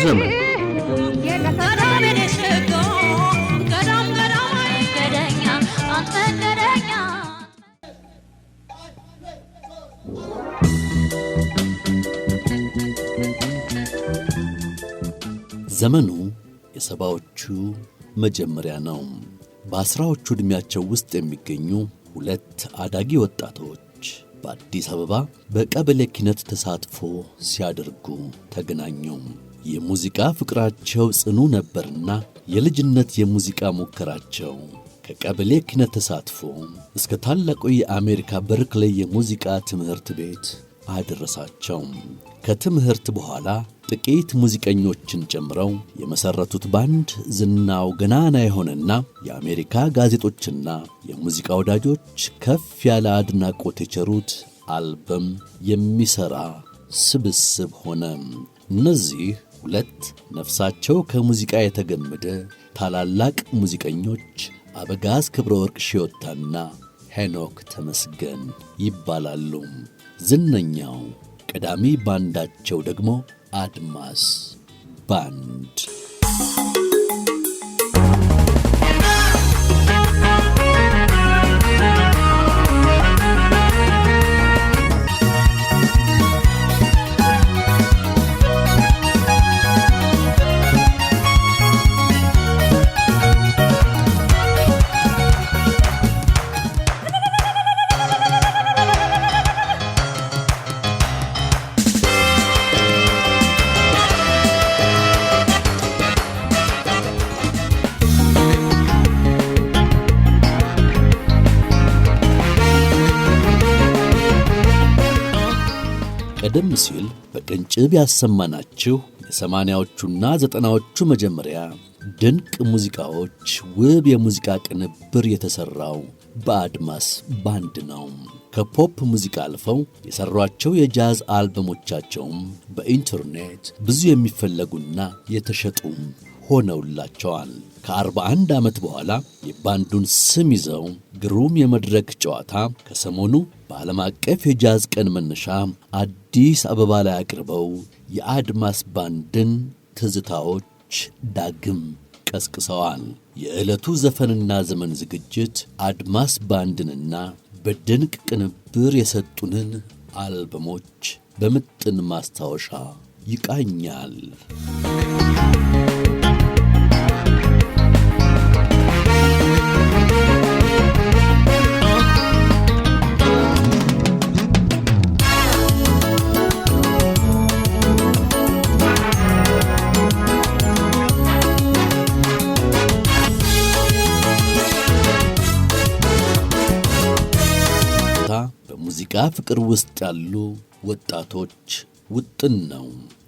ዘመን ዘመኑ የሰባዎቹ መጀመሪያ ነው። በአስራዎቹ ዕድሜያቸው ውስጥ የሚገኙ ሁለት አዳጊ ወጣቶች በአዲስ አበባ በቀበሌ ኪነት ተሳትፎ ሲያደርጉ ተገናኙ። የሙዚቃ ፍቅራቸው ጽኑ ነበርና የልጅነት የሙዚቃ ሙከራቸው ከቀበሌ ኪነ ተሳትፎ እስከ ታላቁ የአሜሪካ በርክሌ የሙዚቃ ትምህርት ቤት አደረሳቸው። ከትምህርት በኋላ ጥቂት ሙዚቀኞችን ጨምረው የመሠረቱት ባንድ ዝናው ገናና የሆነና የአሜሪካ ጋዜጦችና የሙዚቃ ወዳጆች ከፍ ያለ አድናቆት የቸሩት አልበም የሚሠራ ስብስብ ሆነ። እነዚህ ሁለት ነፍሳቸው ከሙዚቃ የተገመደ ታላላቅ ሙዚቀኞች አበጋዝ ክብረ ወርቅ ሽዮታና ሄኖክ ተመስገን ይባላሉ። ዝነኛው ቀዳሚ ባንዳቸው ደግሞ አድማስ ባንድ ጭብ ያሰማናችሁ የሰማንያዎቹና ዘጠናዎቹ መጀመሪያ ድንቅ ሙዚቃዎች ውብ የሙዚቃ ቅንብር የተሠራው በአድማስ ባንድ ነው። ከፖፕ ሙዚቃ አልፈው የሠሯቸው የጃዝ አልበሞቻቸውም በኢንተርኔት ብዙ የሚፈለጉና የተሸጡም ሆነውላቸዋል። አንድ ዓመት በኋላ የባንዱን ስም ይዘው ግሩም የመድረክ ጨዋታ ከሰሞኑ በዓለም አቀፍ የጃዝ ቀን መነሻ አዲስ አበባ ላይ አቅርበው የአድማስ ባንድን ትዝታዎች ዳግም ቀስቅሰዋል። የዕለቱ ዘፈንና ዘመን ዝግጅት አድማስ ባንድንና በድንቅ ቅንብር የሰጡንን አልበሞች በምጥን ማስታወሻ ይቃኛል። ፍቅር ውስጥ ያሉ ወጣቶች ውጥን ነው።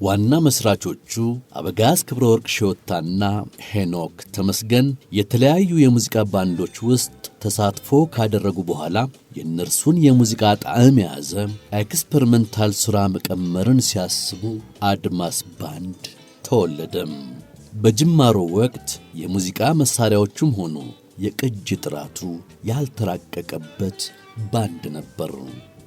ዋና መስራቾቹ አበጋዝ ክብረ ወርቅ ሽወታና ሄኖክ ተመስገን የተለያዩ የሙዚቃ ባንዶች ውስጥ ተሳትፎ ካደረጉ በኋላ የእነርሱን የሙዚቃ ጣዕም የያዘ ኤክስፐሪመንታል ሥራ መቀመርን ሲያስቡ አድማስ ባንድ ተወለደም። በጅማሮ ወቅት የሙዚቃ መሣሪያዎቹም ሆኑ የቅጅ ጥራቱ ያልተራቀቀበት ባንድ ነበር።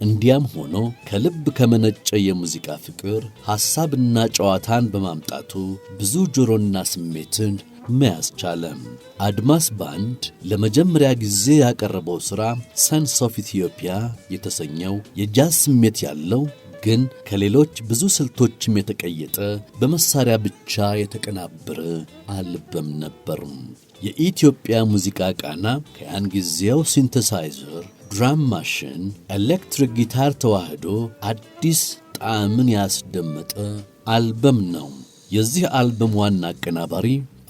እንዲያም ሆኖ ከልብ ከመነጨ የሙዚቃ ፍቅር ሐሳብና ጨዋታን በማምጣቱ ብዙ ጆሮና ስሜትን መያዝ ቻለም። አድማስ ባንድ ለመጀመሪያ ጊዜ ያቀረበው ሥራ ሰንስ ኦፍ ኢትዮጵያ የተሰኘው የጃዝ ስሜት ያለው ግን ከሌሎች ብዙ ስልቶችም የተቀየጠ በመሳሪያ ብቻ የተቀናበረ አልበም ነበርም። የኢትዮጵያ ሙዚቃ ቃና ከያን ጊዜው ሲንተሳይዘር ድራም ማሽን፣ ኤሌክትሪክ ጊታር ተዋህዶ አዲስ ጣዕምን ያስደመጠ አልበም ነው። የዚህ አልበም ዋና አቀናባሪ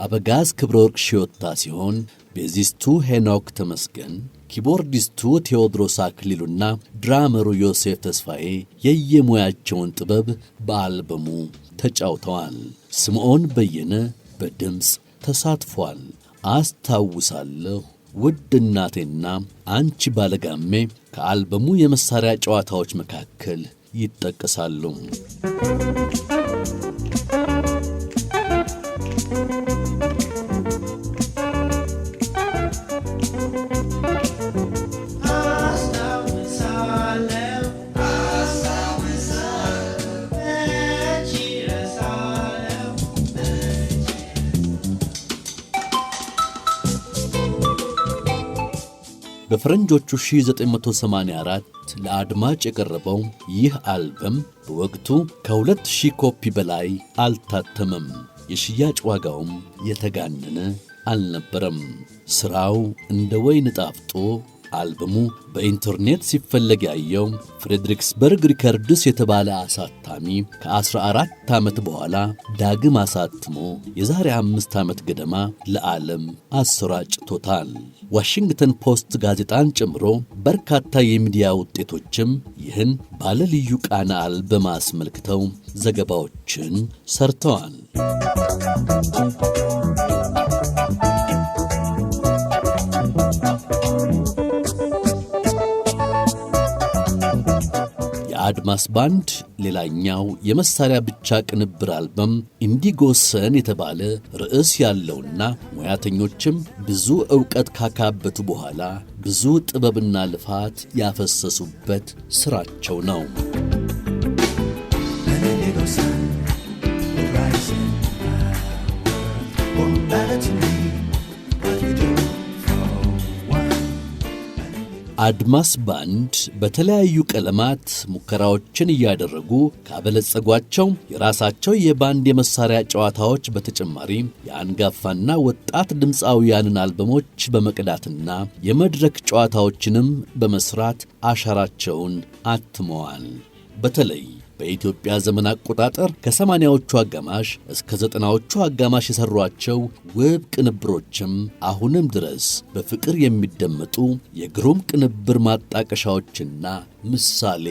አበጋዝ ክብረ ወርቅ ሽዮታ ሲሆን ቤዚስቱ ሄኖክ ተመስገን፣ ኪቦርዲስቱ ቴዎድሮስ አክሊሉና ድራመሩ ዮሴፍ ተስፋዬ የየሙያቸውን ጥበብ በአልበሙ ተጫውተዋል። ስምዖን በየነ በድምፅ ተሳትፏል። አስታውሳለሁ ውድ እናቴና አንቺ ባለጋሜ ከአልበሙ የመሳሪያ ጨዋታዎች መካከል ይጠቀሳሉ። በፈረንጆቹ 1984 ለአድማጭ የቀረበው ይህ አልበም በወቅቱ ከ2000 ኮፒ በላይ አልታተመም። የሽያጭ ዋጋውም የተጋነነ አልነበረም። ሥራው እንደ ወይን ጣፍጦ አልበሙ በኢንተርኔት ሲፈለግ ያየው ፍሬድሪክስበርግ ሪከርድስ የተባለ አሳታሚ ከ14 ዓመት በኋላ ዳግም አሳትሞ የዛሬ አምስት ዓመት ገደማ ለዓለም አሰራጭቶታል። ዋሽንግተን ፖስት ጋዜጣን ጨምሮ በርካታ የሚዲያ ውጤቶችም ይህን ባለ ልዩ ቃና አልበም አስመልክተው ዘገባዎችን ሰርተዋል። አድማስ ባንድ ሌላኛው የመሳሪያ ብቻ ቅንብር አልበም ኢንዲጎሰን የተባለ ርዕስ ያለውና ሙያተኞችም ብዙ ዕውቀት ካካበቱ በኋላ ብዙ ጥበብና ልፋት ያፈሰሱበት ሥራቸው ነው። አድማስ ባንድ በተለያዩ ቀለማት ሙከራዎችን እያደረጉ ካበለጸጓቸው የራሳቸው የባንድ የመሳሪያ ጨዋታዎች በተጨማሪ የአንጋፋና ወጣት ድምፃውያንን አልበሞች በመቅዳትና የመድረክ ጨዋታዎችንም በመስራት አሻራቸውን አትመዋል። በተለይ በኢትዮጵያ ዘመን አቆጣጠር ከሰማንያዎቹ አጋማሽ እስከ ዘጠናዎቹ አጋማሽ የሰሯቸው ውብ ቅንብሮችም አሁንም ድረስ በፍቅር የሚደመጡ የግሩም ቅንብር ማጣቀሻዎችና ምሳሌ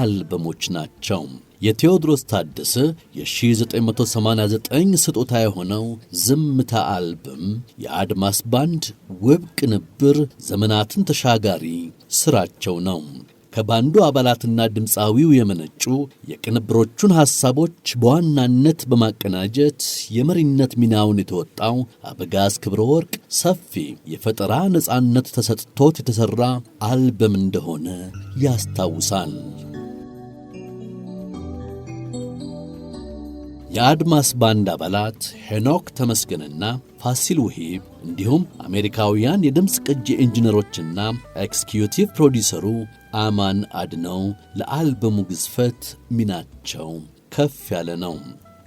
አልበሞች ናቸው። የቴዎድሮስ ታደሰ የ1989 ስጦታ የሆነው ዝምታ አልበም የአድማስ ባንድ ውብ ቅንብር ዘመናትን ተሻጋሪ ስራቸው ነው። ከባንዱ አባላትና ድምፃዊው የመነጩ የቅንብሮቹን ሐሳቦች በዋናነት በማቀናጀት የመሪነት ሚናውን የተወጣው አበጋዝ ክብረ ወርቅ ሰፊ የፈጠራ ነፃነት ተሰጥቶት የተሠራ አልበም እንደሆነ ያስታውሳል። የአድማስ ባንድ አባላት ሄኖክ ተመስገንና ፋሲል ውሂብ እንዲሁም አሜሪካውያን የድምፅ ቅጂ ኢንጂነሮችና ኤክስኪዩቲቭ ፕሮዲሰሩ አማን አድነው ለአልበሙ ግዝፈት ሚናቸው ከፍ ያለ ነው።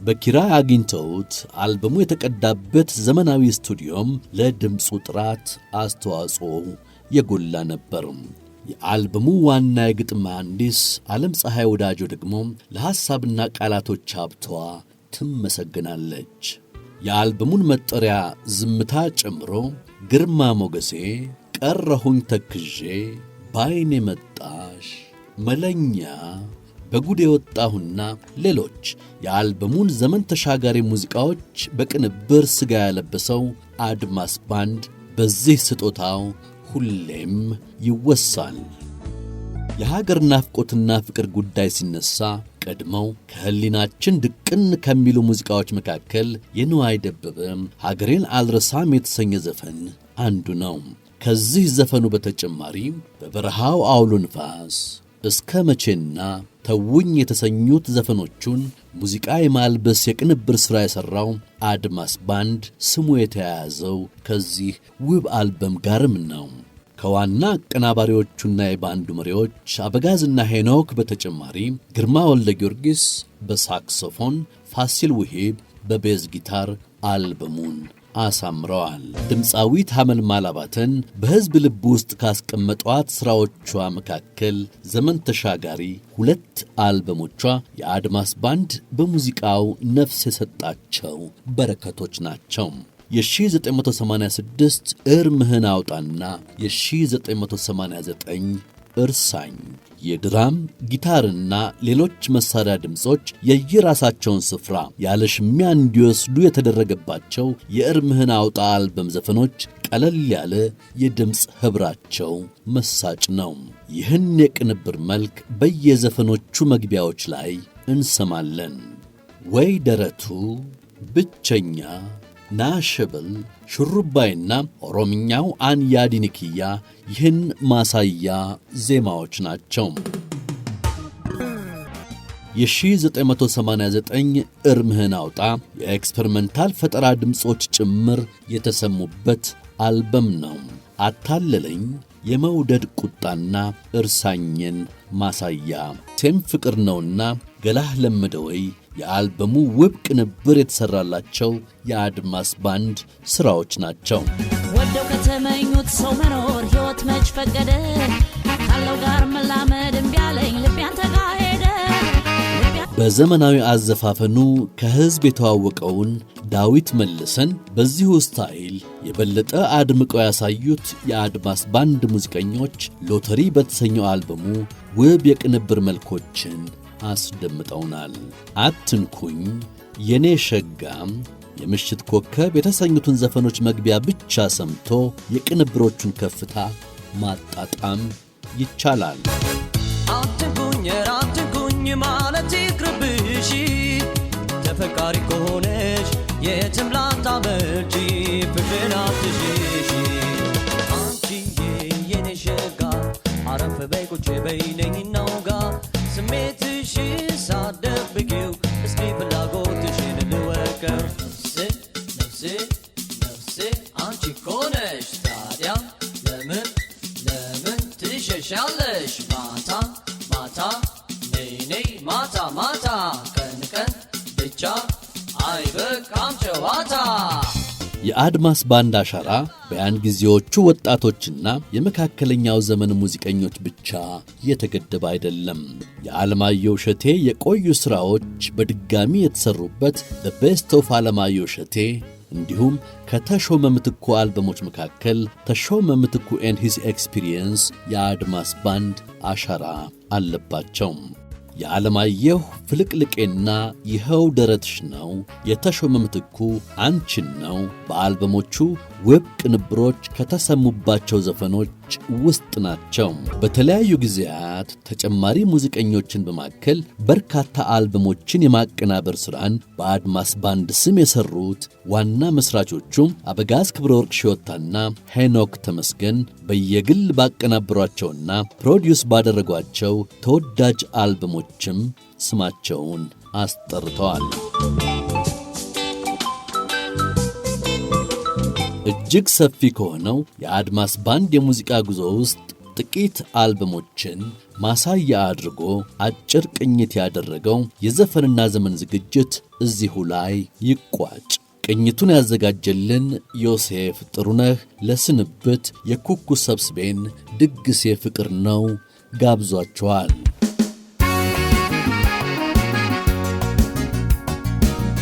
በኪራይ አግኝተውት አልበሙ የተቀዳበት ዘመናዊ ስቱዲዮም ለድምፁ ጥራት አስተዋጽኦ የጎላ ነበር። የአልበሙ ዋና የግጥም መሐንዲስ ዓለም ፀሐይ ወዳጆ ደግሞ ለሐሳብና ቃላቶች አብተዋ ትመሰግናለች። የአልበሙን መጠሪያ ዝምታ ጨምሮ ግርማ ሞገሴ፣ ቀረሁኝ ተክዤ በዐይን የመጣሽ መለኛ በጉድ የወጣሁና ሌሎች የአልበሙን ዘመን ተሻጋሪ ሙዚቃዎች በቅንብር ሥጋ ያለበሰው አድማስ ባንድ በዚህ ስጦታው ሁሌም ይወሳል። የሀገር ናፍቆትና ፍቅር ጉዳይ ሲነሳ ቀድመው ከህሊናችን ድቅን ከሚሉ ሙዚቃዎች መካከል የንዋይ ደበበ ሀገሬን አልረሳም የተሰኘ ዘፈን አንዱ ነው። ከዚህ ዘፈኑ በተጨማሪ በበረሃው አውሎ ንፋስ፣ እስከ መቼና ተውኝ የተሰኙት ዘፈኖቹን ሙዚቃ የማልበስ የቅንብር ሥራ የሠራው አድማስ ባንድ ስሙ የተያያዘው ከዚህ ውብ አልበም ጋርም ነው። ከዋና አቀናባሪዎቹና የባንዱ መሪዎች አበጋዝና ሄኖክ በተጨማሪ ግርማ ወልደ ጊዮርጊስ በሳክሶፎን፣ ፋሲል ውሂብ በቤዝ ጊታር አልበሙን አሳምረዋል። ድምፃዊት ሐመልማል አባተን በሕዝብ ልብ ውስጥ ካስቀመጧት ሥራዎቿ መካከል ዘመን ተሻጋሪ ሁለት አልበሞቿ የአድማስ ባንድ በሙዚቃው ነፍስ የሰጣቸው በረከቶች ናቸው። የ1986 እርምህን አውጣና የ1989 እርሳኝ የድራም ጊታርና ሌሎች መሳሪያ ድምፆች የየራሳቸውን ስፍራ ያለ ሽሚያ እንዲወስዱ የተደረገባቸው የእርምህን አውጣ አልበም ዘፈኖች ቀለል ያለ የድምፅ ኅብራቸው መሳጭ ነው። ይህን የቅንብር መልክ በየዘፈኖቹ መግቢያዎች ላይ እንሰማለን። ወይ ደረቱ ብቸኛ ናሽብል፣ ሽሩባይና ኦሮምኛው አንያዲንክያ ይህን ማሳያ ዜማዎች ናቸው። የ1989 እርምህን አውጣ የኤክስፐሪመንታል ፈጠራ ድምፆች ጭምር የተሰሙበት አልበም ነው። አታለለኝ፣ የመውደድ ቁጣና እርሳኝን ማሳያ ቴም ፍቅር ነውና ገላህ ለምደወይ የአልበሙ ውብ ቅንብር የተሠራላቸው የአድማስ ባንድ ሥራዎች ናቸው። ወደው ከተመኙት ሰው መኖር ሕይወት መች ፈቀደ ካለው ጋር መላመድ እምቢ አለኝ ልቢያን ተካሄደ። በዘመናዊ አዘፋፈኑ ከሕዝብ የተዋወቀውን ዳዊት መለሰን በዚሁ ስታይል የበለጠ አድምቀው ያሳዩት የአድማስ ባንድ ሙዚቀኞች ሎተሪ በተሰኘው አልበሙ ውብ የቅንብር መልኮችን አስደምጠውናል። አትንኩኝ፣ የኔ ሸጋም፣ የምሽት ኮከብ የተሰኙትን ዘፈኖች መግቢያ ብቻ ሰምቶ የቅንብሮቹን ከፍታ ማጣጣም ይቻላል። አትንኩኝ አትንኩኝ ማለት ይቅርብሽ፣ ተፈቃሪ ከሆነሽ የትም ላታመልጪ ፍቅርን አትሽሽ አንቺዬ የኔ ሸጋ አረፍ በይ ቁጭ በይ ነኝ እናውጋ ስሜትሽን ሳደብቂው እስኪ ፍላጎትሽን ልወቀው ነፍሴ ነፍሴ ነፍሴ አንቺ ኮነሽ ታዲያ ለምን ለምን ትሸሻለሽ ማታ ማታ ነይ ማታ ማታ ቀን ቀን ብቻ አይበቃም ጨዋታ የአድማስ ባንድ አሻራ በያን ጊዜዎቹ ወጣቶችና የመካከለኛው ዘመን ሙዚቀኞች ብቻ የተገደበ አይደለም። የዓለማየሁ እሸቴ የቆዩ ሥራዎች በድጋሚ የተሠሩበት ዘ ቤስት ኦፍ ዓለማየሁ እሸቴ እንዲሁም ከተሾመ ምትኩ አልበሞች መካከል ተሾመ ምትኩ ኤንድ ሂስ ኤክስፒሪየንስ የአድማስ ባንድ አሻራ አለባቸው። የዓለማየሁ ፍልቅልቄና ይኸው ደረትሽ ነው፣ የተሾመ ምትኩ አንቺን ነው፣ በአልበሞቹ ውብ ቅንብሮች ከተሰሙባቸው ዘፈኖች ውስጥ ናቸው። በተለያዩ ጊዜያት ተጨማሪ ሙዚቀኞችን በማከል በርካታ አልበሞችን የማቀናበር ሥራን በአድማስ ባንድ ስም የሠሩት ዋና መስራቾቹ አበጋዝ ክብረ ወርቅ ሽዮታና ሄኖክ ተመስገን በየግል ባቀናበሯቸውና ፕሮዲውስ ባደረጓቸው ተወዳጅ አልበሞችም ስማቸውን አስጠርተዋል። እጅግ ሰፊ ከሆነው የአድማስ ባንድ የሙዚቃ ጉዞ ውስጥ ጥቂት አልበሞችን ማሳያ አድርጎ አጭር ቅኝት ያደረገው የዘፈንና ዘመን ዝግጅት እዚሁ ላይ ይቋጭ። ቅኝቱን ያዘጋጀልን ዮሴፍ ጥሩነህ ለስንብት የኩኩ ሰብስቤን ድግስ የፍቅር ነው ጋብዟቸዋል።